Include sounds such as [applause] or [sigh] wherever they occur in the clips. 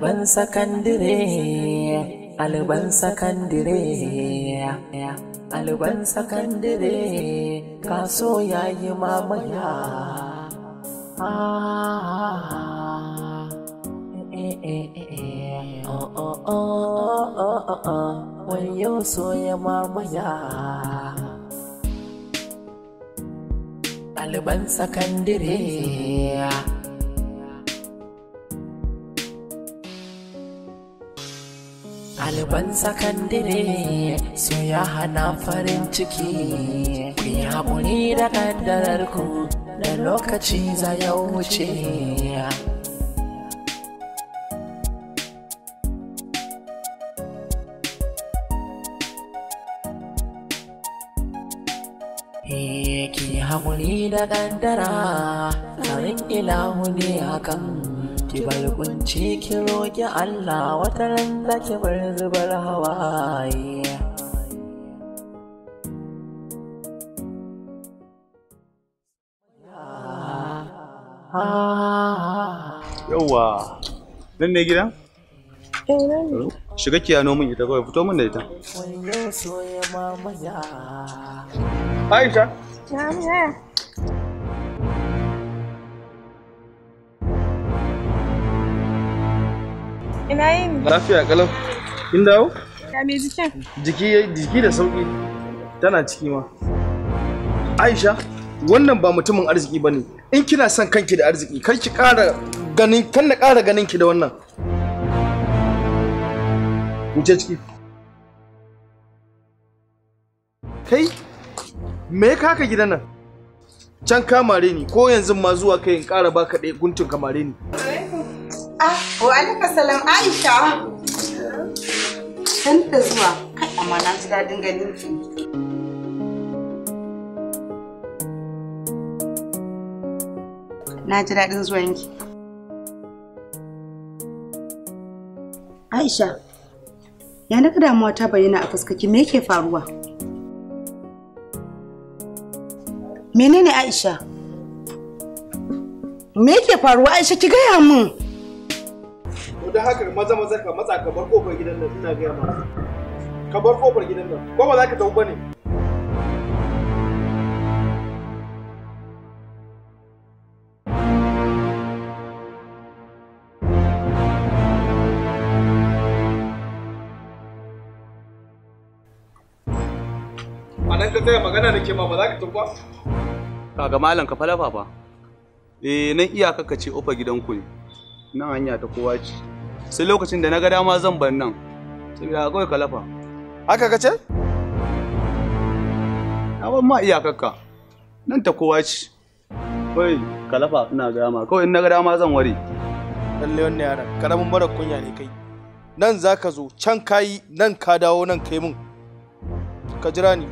Ɗaliban sakandire, ɗaliban sakandire, ɗaliban sakandire, kaso yayi mamaya. Wayo soya mamaya. Ɗaliban sakandire. ɗaliban sakandire su ya hana farin ciki ku yi haƙuri da ƙaddararku da lokaci za ya wuce e, ki haƙuri da ƙaddara farin ilahu ne hakan ki bar kunci ki roki Allah wata ran da ki bar zubar hawaye Yawwa, nan ne gidan? Eh, Shiga ki yano min ita kawai fito min da ita. Aisha? Ina yin? Lafiya kalau. Kin dawo? Ya me jikin? Jiki jiki da sauki. Tana ciki ma. Aisha, wannan ba mutumin arziki bane. In kina son kanki da arziki, kar ki ƙara ganin kan na ƙara ganin ki da wannan. Wuce ciki. Kai, me ya kaka gidan nan? Can kamare ni ko yanzu ma zuwa kai in ƙara baka ɗaya guntun kamare ni. Ah, wa alaika salam Aisha. San zuwa. Kai amma na ji daɗin ganin ki. Na ji daɗin ki. Aisha, ya naga damuwa ta bayyana a fuskaki me yake faruwa? Menene Aisha? Me yake faruwa Aisha ki gaya min? da haka maza maza ka matsa ka bar kofar gidan nan ina gaya yamma ka bar kofar gidan nan ko ba za ka tafi bane a nan ka tsaya magana da ke ma ba za ka tafi ba kaga malam ka falafa ba eh nan iyaka ka ce ofa ku ne nan hanya ta kowa ce sai lokacin da na ga dama zan bar nan saboda akwai kalafa haka ka ce na ban ma iyakarka nan ta kowa ce kawai kalafa ina ga dama kawai in na ga dama zan ware lalle wannan yaran karamin mara kunya ne kai nan zaka zo can yi nan ka dawo nan kai mun ka jira ni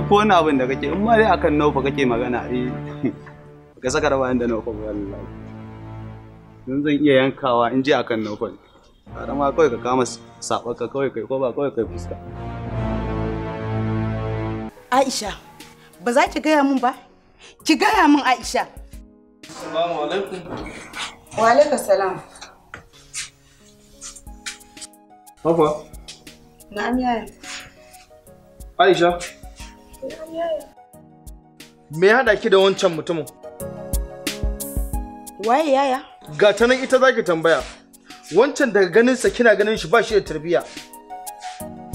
duk wani abin da kake in ma dai akan nofa kake magana eh ka saka raba da nofa ba wallahi dan zan iya yankawa in je akan nofa har ma kawai ka kama sabaka kawai kai ko ba kawai kai fuska Aisha ba za ki gaya min ba ki gaya min Aisha Assalamu alaikum Wa alaikum salam Papa Na'am yaya Aisha Me ya haɗa ki da wancan mutumin? Waye yaya? Ga ta nan ita zaki tambaya. Wancan daga ganinsa kina ganin shi ba shi da tarbiyya.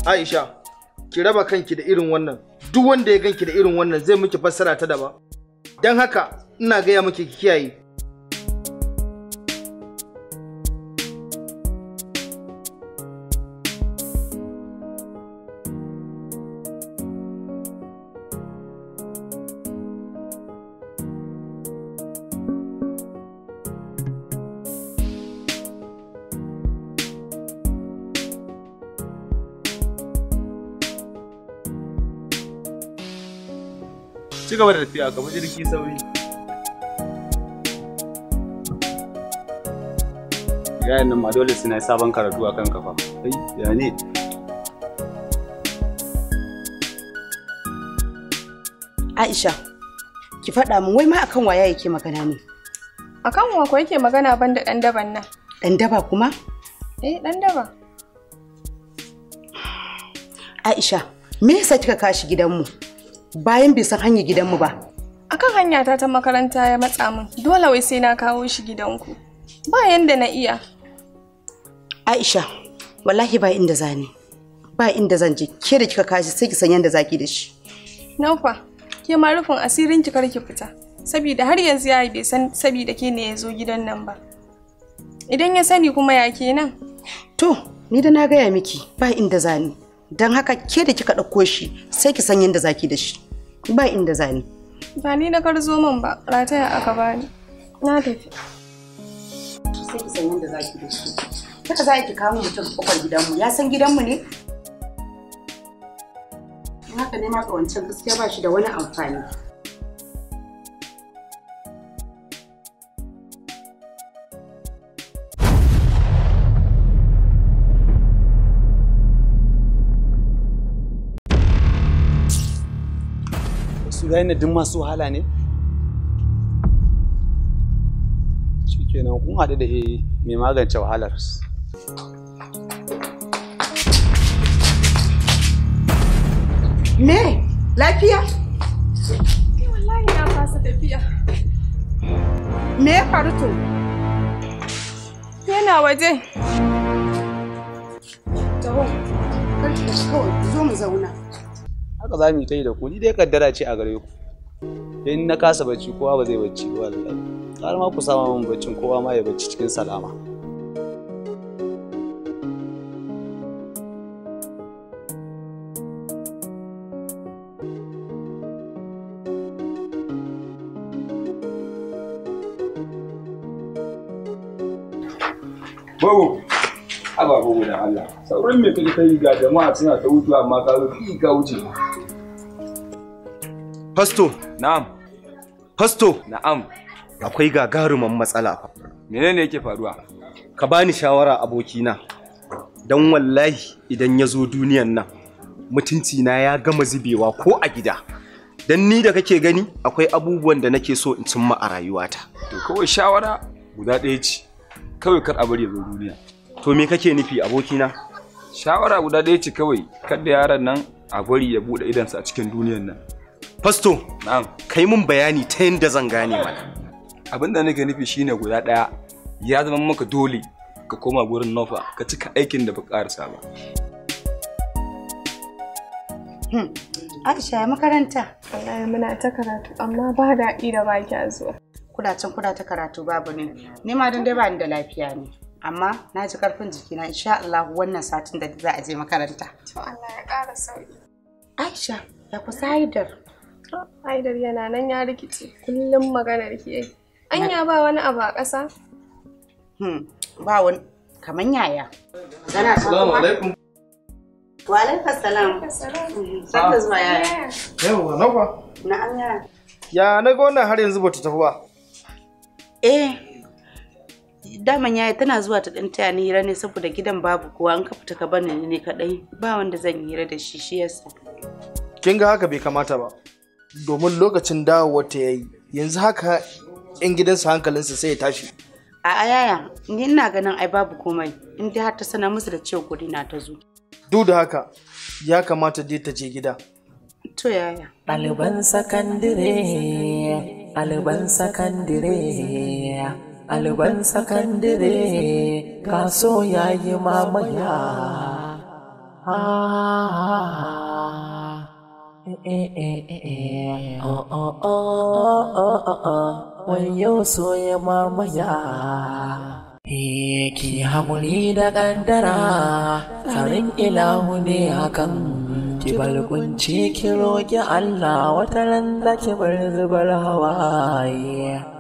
Aisha, ki raba kanki da irin wannan. Duk wanda ya ganki da irin wannan zai miki fassara ta daba. Don haka ina gaya miki ki kiyaye. ci gaba da tafiya kamar jirgin sauri Gayan nan ma dole suna sabon karatu a kan kafa ai ya ne Aisha ki faɗa min wai ma akan waya yake magana ne akan wa ko yake magana ban da ɗan daban nan ɗan daba kuma eh ɗan daba Aisha me yasa kika kashi gidanmu bayan bai san hanyar gidanmu ba. Akan hanya ta ta makaranta ya matsa min dole wai sai na kawo shi gidanku. Ba yanda na iya. Aisha, wallahi ba inda zani. Ba inda zan je, ke da kika kashi sai ki san yanda zaki da shi. Naufa, ke ma rufin asirin ki kar ki fita. Saboda har yanzu yayi bai san saboda ke ne ya zo gidan nan ba. Idan ya sani kuma ya kenan. To, ni da na gaya miki ba inda zani. Don haka ke da kika ɗauko shi sai ki san yanda zaki da shi. ba inda zani ba ni na karzo man ba rataya aka ba ni. na tafi sai ki san yadda zaki da shi Kaka za ki kawo mutum kofar gidanmu ya san gidanmu ne haka ne ma wancan gaskiya ba shi da wani amfani mutane duk masu wahala ne shikenan kun haɗu da eh, mai magance wahalar me lafiya ni eh, wallahi na fasa tafiya me ya faru to yana waje taho kawai zo mu zauna haka za mu yi ta yi da ku ni dai kaddara ce a gare ku in na kasa bacci kowa ba zai bacci ba wallahi har ma ku sama min baccin kowa ma ya bacci cikin salama kokarin mai kaje kai ga jama'a suna ta wuce amma ka zo ki ka wuce Fasto na'am Fasto na'am akwai gagaruman matsala fa menene yake faruwa ka bani shawara abokina don wallahi idan ya zo duniyan nan mutunci na ya gama zubewa ko a gida don ni da kake gani akwai abubuwan da nake so in cimma a rayuwata to kawai shawara guda ɗaya ce kawai kar a bari ya zo duniya to me kake nufi abokina shawara guda ɗaya ce kawai kada yaron nan a bari ya buɗe idansa a cikin duniyar nan fasto na'am kai mun bayani ta yadda zan gane mana abin da nake nufi shine guda ɗaya ya zama maka dole ka koma gurin nofa ka cika aikin da ba ba hmm. Aisha ya makaranta. ya muna ta karatu amma ba daɗi da ba kya zuwa. Kudacin kuda ta karatu babu ne. Ni ma dan dai ba ni da lafiya ne. amma na ji karfin jikina insha Allah wannan satin da za a je makaranta to Allah ya ƙara sauki Aisha ya kusa Haidar Haidar yana nan ya rikice kullum maganar ki yake anya ba wani abu a ƙasa hmm ba wani kaman yaya Kana Assalamu alaikum Wa alaikum salam Sanda ah. zuwa yaya Yawwa nawa Na'am ya Ya na ga wannan har yanzu ta tafi ba Eh daman yaya tana zuwa ta dan taya ni hira ne saboda gidan babu kowa an ka fita ka bani ne kadai ba wanda zan yi hira da shi shi yasa kin ga haka bai kamata ba domin lokacin dawowar ta yayi yanzu haka in gidansa hankalinsa sai ya tashi a yaya ni ina ganin ai babu komai in dai har ta sanar musu da cewa kudi na ta zo duk da haka ya kamata dai ta je gida to yaya ɗaliban sakandire ɗaliban sakandire Alban sakandire kaso yi mamaya yau so ya mamaya ki haƙuri da kandara. tsarin ilahu ne hakan ki balgunci ki roƙi Allah wata ran da ki bar zubar hawaye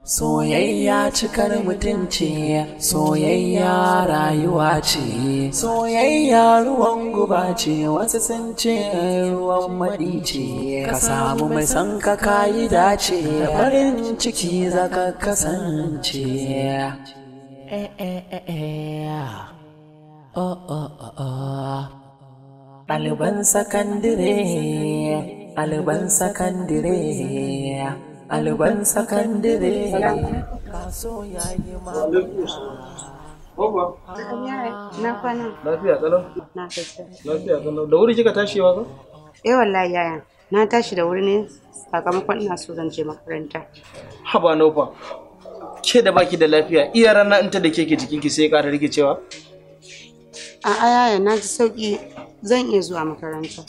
Soyayya cikar mutunci, soyayya rayuwa ce, soyayya ruwan guba ce, wasu sun ce ruwan maɗi ce, ka samu mai san ka kayi dace, farin ciki za ka kasance. Eh, eh, eh, oh, oh, oh, Alban sakandire, ɗaliban sakandire. alban sakandire kaso ya yi Lafiya kalau? Lafiya kalau. Da wuri kika tashi wa Eh wallahi yaya. Na tashi da wuri ne sakamakon ina so zan je makaranta. Haba nofa. Ke da baki da lafiya iya rana in ta da ke keke ki sai ka rike cewa? A'a yaya na ji sauki zan iya zuwa makaranta.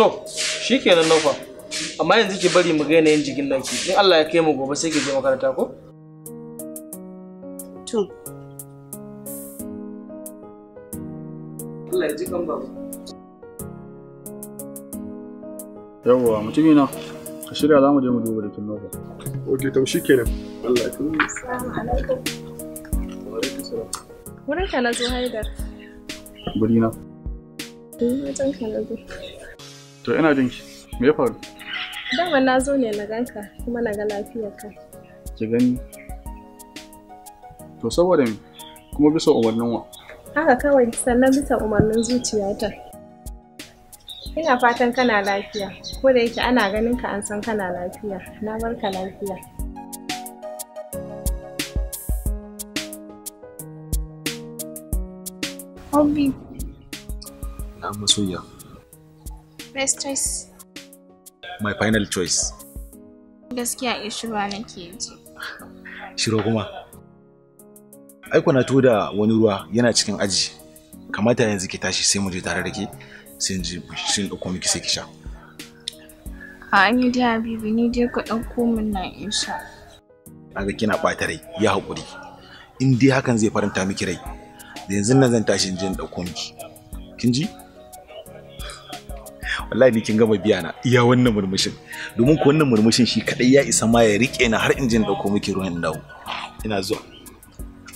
To, shikenan nofa. amma yanzu ki bari mu ga yanayin jikin naki in Allah ya kai mu gobe sai ki je makaranta ko to Allah ya ji kan babu yawwa mutumi na ka shirya za mu je mu duba da kinnoba ok to shi kenan Allah ya kuma salamu alaikum wa alaikum salam wurin ka na zo haidar guri na eh, to ina jinki me ya faru Dama na zo ne na ganka kuma na ga lafiyar ka. Ki gani? To saboda me? Kuma bisa umarnin wa? Haka kawai sannan bisa umarnin zuciyata. Ina fatan kana lafiya, ko da yake ana ganin ka an san kana lafiya. Na barka lafiya. Hobby. Na masoya. Best choice. my final choice gaskiya ishirwa eh, nake ji shiro kuma ai kuna to da wani ruwa yana cikin aji kamata yanzu ki tashi sai mu je tare da ke sai in ji shin dauko miki sai ki sha a yi da habibi ni dai ka dauko min na in sha kaga kina ɓata rai ya hakuri in dai hakan zai faranta miki rai da yanzu nan zan tashi in je in dauko miki kin ji wallahi ni kin gama biya na iya wannan murmushin domin ko wannan murmushin shi kadai ya isa ma ya rike na har injin dauko miki ruwan dawo ina zuwa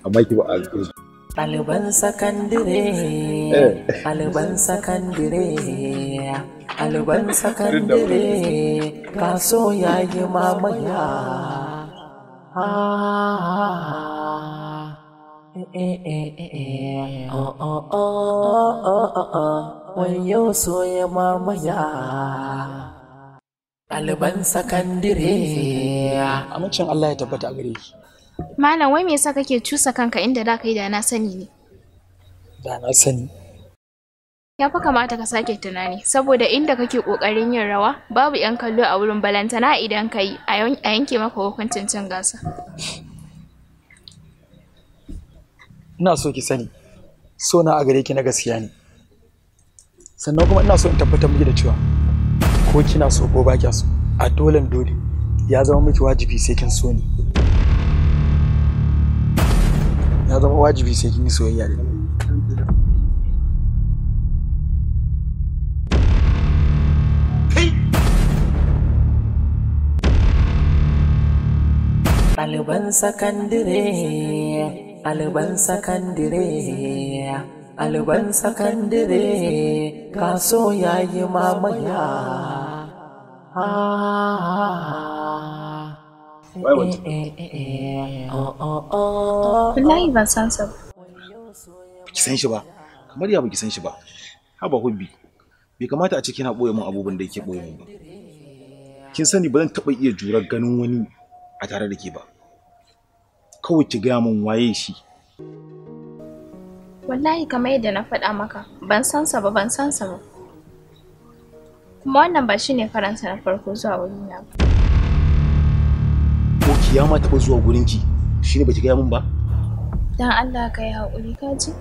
amma ki ba a eh. Ɗaliban sakandire, ɗaliban sakandire, ɗaliban sakandire, kaso ya yi mamaya. Ah, ah, ah. Eh, eh, eh, eh, eh, oh, oh, oh, oh, oh, oh. oh. yau so ya mamaya ɗaliban sakandire amincin Allah ya tabbata gare shi malam wai me yasa kake cusa kanka inda da kai da na sani ne da na sani ya fi kamata ka sake tunani saboda inda kake kokarin yin rawa babu yan kallo a wurin balantana idan ka a yanke maka hukuncin cin gasa ina so ki sani so na a gare ki na gaskiya ne sannan kuma ina so in tabbatar miki da cewa ko kina so ko ba kya so a dolen dole ya zama miki wajibi sai kin so ni ya zama wajibi sai kin yi soyayya da Alban sakandire, alban sakandire. ɗaliban sakandire kaso ya yayi mamaya oh, oh, oh. Wallahi ban san sa ba. Ki san shi ba, kamar ya ba ki san shi ba, ha haba hubbi, bai kamata a ce kina ɓoye min abubuwan da yake ɓoye min ba. Kin sani ba zan taɓa iya jurar ganin wani a tare da ke ba. Kawai ki gaya min waye shi. wallahi kamar yadda na faɗa maka ban san sa ba ban san sa ba kuma wannan ba shine faransa na farko zuwa wurin ba ko kiyama taɓa zuwa gurin ki shine baki gaya mun ba dan Allah ka yi haƙuri ka ji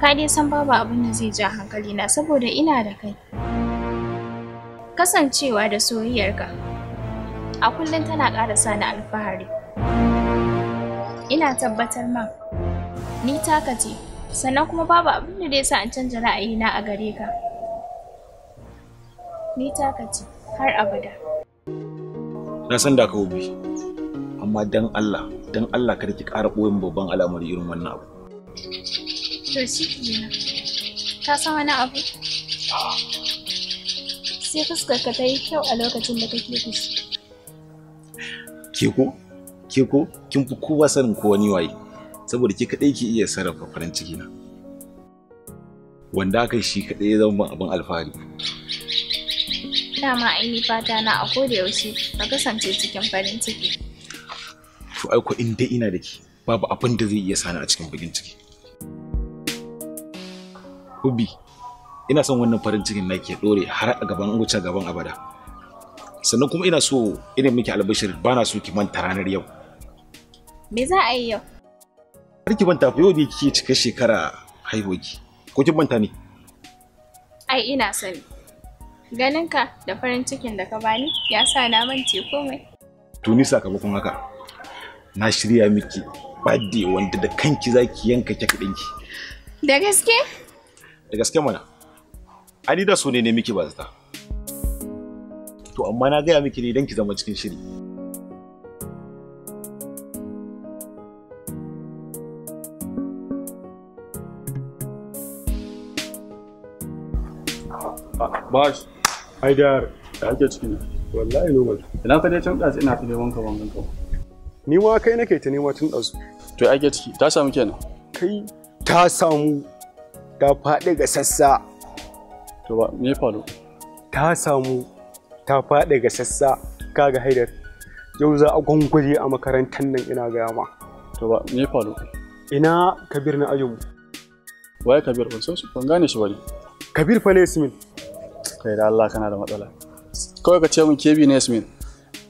ka dai san babu abin da zai ja hankali na saboda ina da kai kasancewa da soyayyarka a kullum tana ƙara sa ni alfahari ina tabbatar ma ni taka ce sannan kuma babu abin da sa an canza ra'ayina a gare ka ni taka ce har abada na san da ka hobi amma dan Allah dan Allah kada ki ƙara ɓoyin babban al'amari irin wannan abu to shi kenan ka san wani abu sai fuskar ka ta yi kyau a lokacin da kake fushi ke ko ke ko kin fi kowa sanin ko wani waye saboda ke kaɗai ke iya sarrafa farin ciki na wanda aka shi kaɗai ya zama abin alfahari dama ni fata na a koda yaushe ka kasance cikin farin ciki to ai ko in dai ina da ke babu abin da zai iya sani a cikin bugin ciki hubi ina son wannan farin cikin na ke dore har a gaban wuce gaban abada sannan kuma ina so irin miki albashir bana so ki manta ranar yau me za a yi yau Karki banta, yau ne kike cika shekara haihuwarki. Ko kin banta ne? Ai ina sani. Ganinka da farin cikin da ka bani ya sa na mance komai. Tuni sakamakon haka. Na shirya miki birthday wanda da kanki zaki yanka kek ɗinki. Da gaske? Da gaske mana. Ani da so ne ne miki ba zata. To amma na gaya miki ne don ki zama cikin shiri. bash haidar da ake ciki ne wallahi normal ina ka dai can ɗazu ina ta dai wanka wankan ka ni ma kai nake ta nema tun ɗazu to ke ciki ta samu kenan kai ta samu ta faɗi ga sassa to ba me faru ta samu ta faɗi ga sassa kaga haidar yau za a gwangwaje a makarantar nan ina gaya ma to ba me faru ina kabir na ajinmu waye kabir ban san su ban gane shi bane kabir fa ne yasmin kai da Allah kana da matsala kawai ka ce min kebi ne yasmin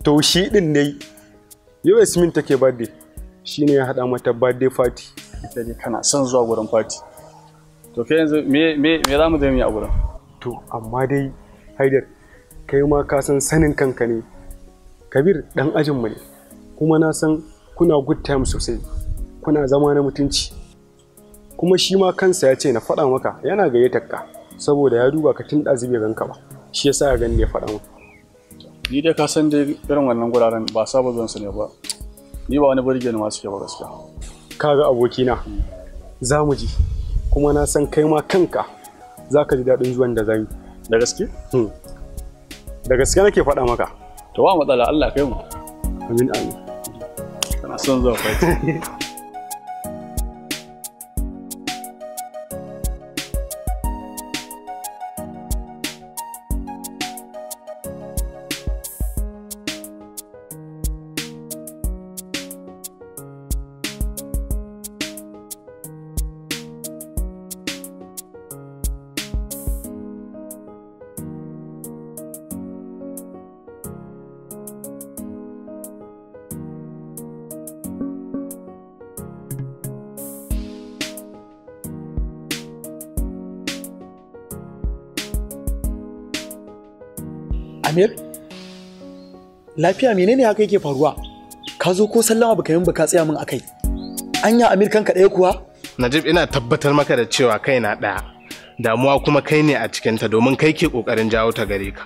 to shi din ne yau yasmin take birthday shine ya hada mata birthday party ita dai kana son zuwa gurin party to kai yanzu me me me za mu zama a gurin to amma dai haidar kai ma ka san sanin kanka ne kabir dan ajin mu ne kuma na san kuna good time sosai kuna zama na mutunci kuma shi ma kansa ya ce na faɗa maka yana gayyatar ka saboda ya duba ka tun ɗazu bai ganka ba shi yasa ya gani ya faɗa ni dai ka san dai irin wannan guraren ba saba zuwan su ne ba ni ba wani burge ne ma suke ba gaskiya kaga abokina za mu ji kuma na san kai ma kanka za ka ji daɗin zuwan da zan da gaske hmm. da gaske nake faɗa maka to ba matsala Allah kai mu amin amin kana son zuwa fati [laughs] Amir? Lafiya menene haka yake faruwa? Ka zo ko sallama baka yi baka ka tsaya min akai. Anya Amir kanka ɗaya kuwa? Najib ina tabbatar maka da cewa kai na ɗaya. Damuwa kuma kai ne a cikinta domin kai ke ƙoƙarin jawo ta gare ka.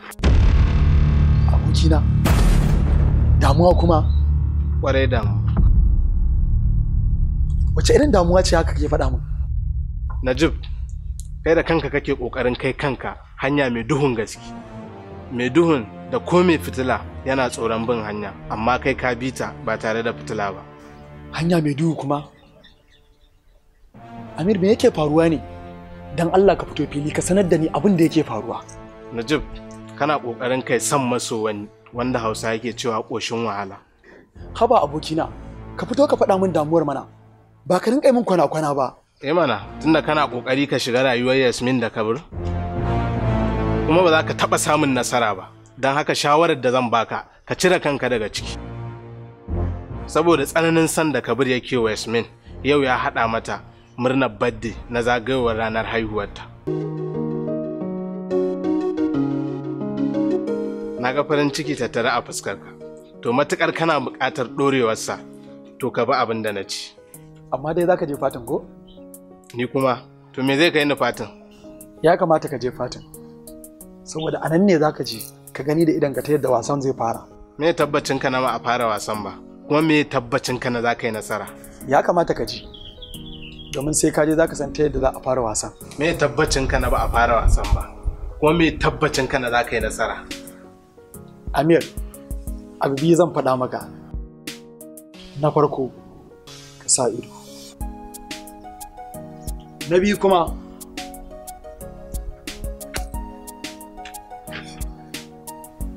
Abokina, damuwa kuma? Ƙwarai damu. Wace irin damuwa ce haka ke faɗa min? Najib, kai da kanka kake ƙoƙarin kai kanka hanya mai duhun gaske. mai duhun da ko mai fitila yana tsoron bin hanya amma kai ka bi ta ba tare da fitila ba hanya mai duhu kuma amir me yake faruwa ne don allah ka fito fili ka sanar da ni abin da yake faruwa najib kana kokarin kai san maso wani wanda hausa yake cewa ƙoshin wahala haba abokina ka fito ka faɗa min damuwar mana ba ka rinka min kwana-kwana ba eh mana tunda kana kokari ka shiga rayuwar yasmin da kabir kuma ba za ka taɓa samun nasara ba don haka shawarar da zan baka ka cire kanka daga ciki saboda tsananin san da kabir yake yasmin yau ya haɗa mata murnar badde na zagayowar ranar haihuwarta na ga farin ciki tattare a fuskarka to matukar kana buƙatar ɗorewarsa to ka bi abin da na ci amma dai za ka je fatin ko ni kuma to me zai kai ni fatin ya kamata ka je fatin saboda a nan ne za ka je ka gani da idan ka ta yadda wasan zai fara me tabbacin ka na ma a fara wasan ba kuma me tabbacin ka na za ka yi nasara ya kamata ka ji domin sai ka je za ka san ta yadda za a fara wasan me tabbacin ka na ba a fara wasan ba kuma me tabbacin ka na za ka yi nasara amir abu biyu zan faɗa maka na farko ka sa ido na biyu kuma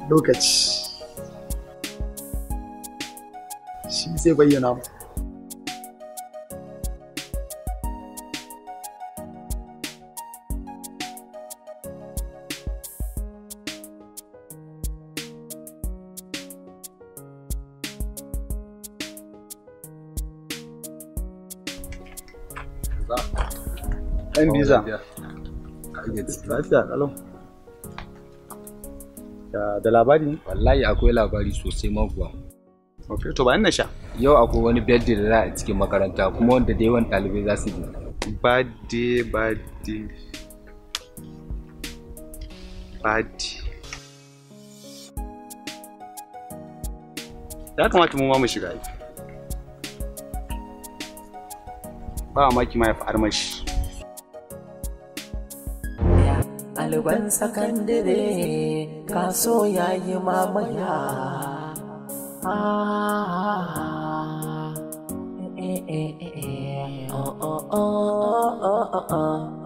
lokaci shi sai bayyana mu Ein Visa. Jetzt bleibt ja, hallo. da labari ne wallahi akwai labari sosai maguwa ok to bayan na sha yau akwai wani birthday da za a cikin makaranta kuma wanda da yawan ɗalibai za su yi birthday birthday birthday ya kamata mu ma mu shiga ba maki ma ya fi armashi ɗaliban sakandire kaso ya yi mamaya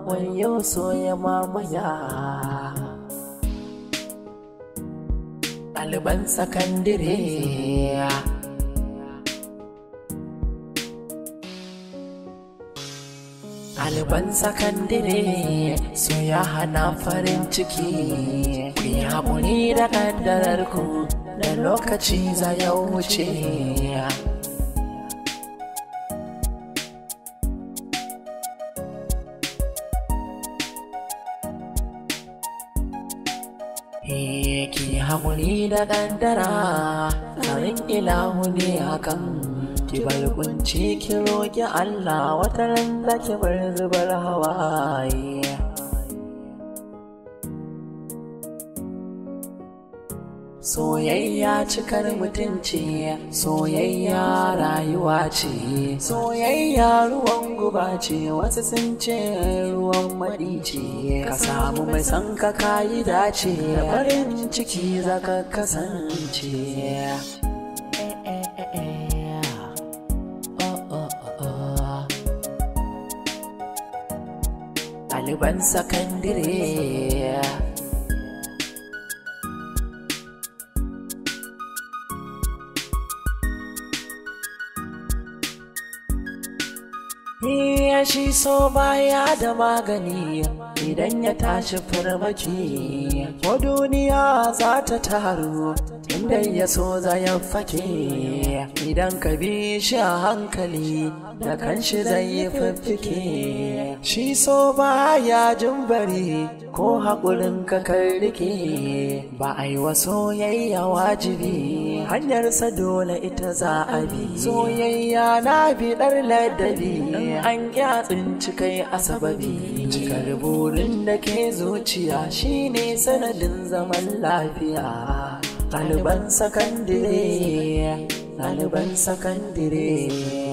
wayo so ya mamaya ɗaliban sakandire ɗaliban sakandire su ya hana farin ciki ku ya haƙuri da ƙaddarar ku da lokaci za ya wuce e, Ki haƙuri da ƙaddara, tsarin ilahu ne hakan. ki bar kunci ki roki Allah wata ran da ki bar zubar hawaye Soyayya cikar mutunci, soyayya rayuwa ce, soyayya ruwan guba ce, wasu sun ce ruwan maɗi ce, ka samu mai san ka kayi dace, farin ciki zaka kasance. sakandire Ya shi so baya da magani idan ya tashi farmaki, ko duniya za ta taru dai ya so zayan fake idan ka bi shi a hankali da kanshi shi zai fiffike shi so ba ya jin bari ko haƙurin ka rike ba a yi wa soyayya wajibi Hanyar sa dole ita za a bi soyayya na bi ɗar ladabi an yatsin cikai a sababi cikar burin da ke zuciya shine sanadin zaman lafiya ɗaliban sakandire ɗaliban sakandire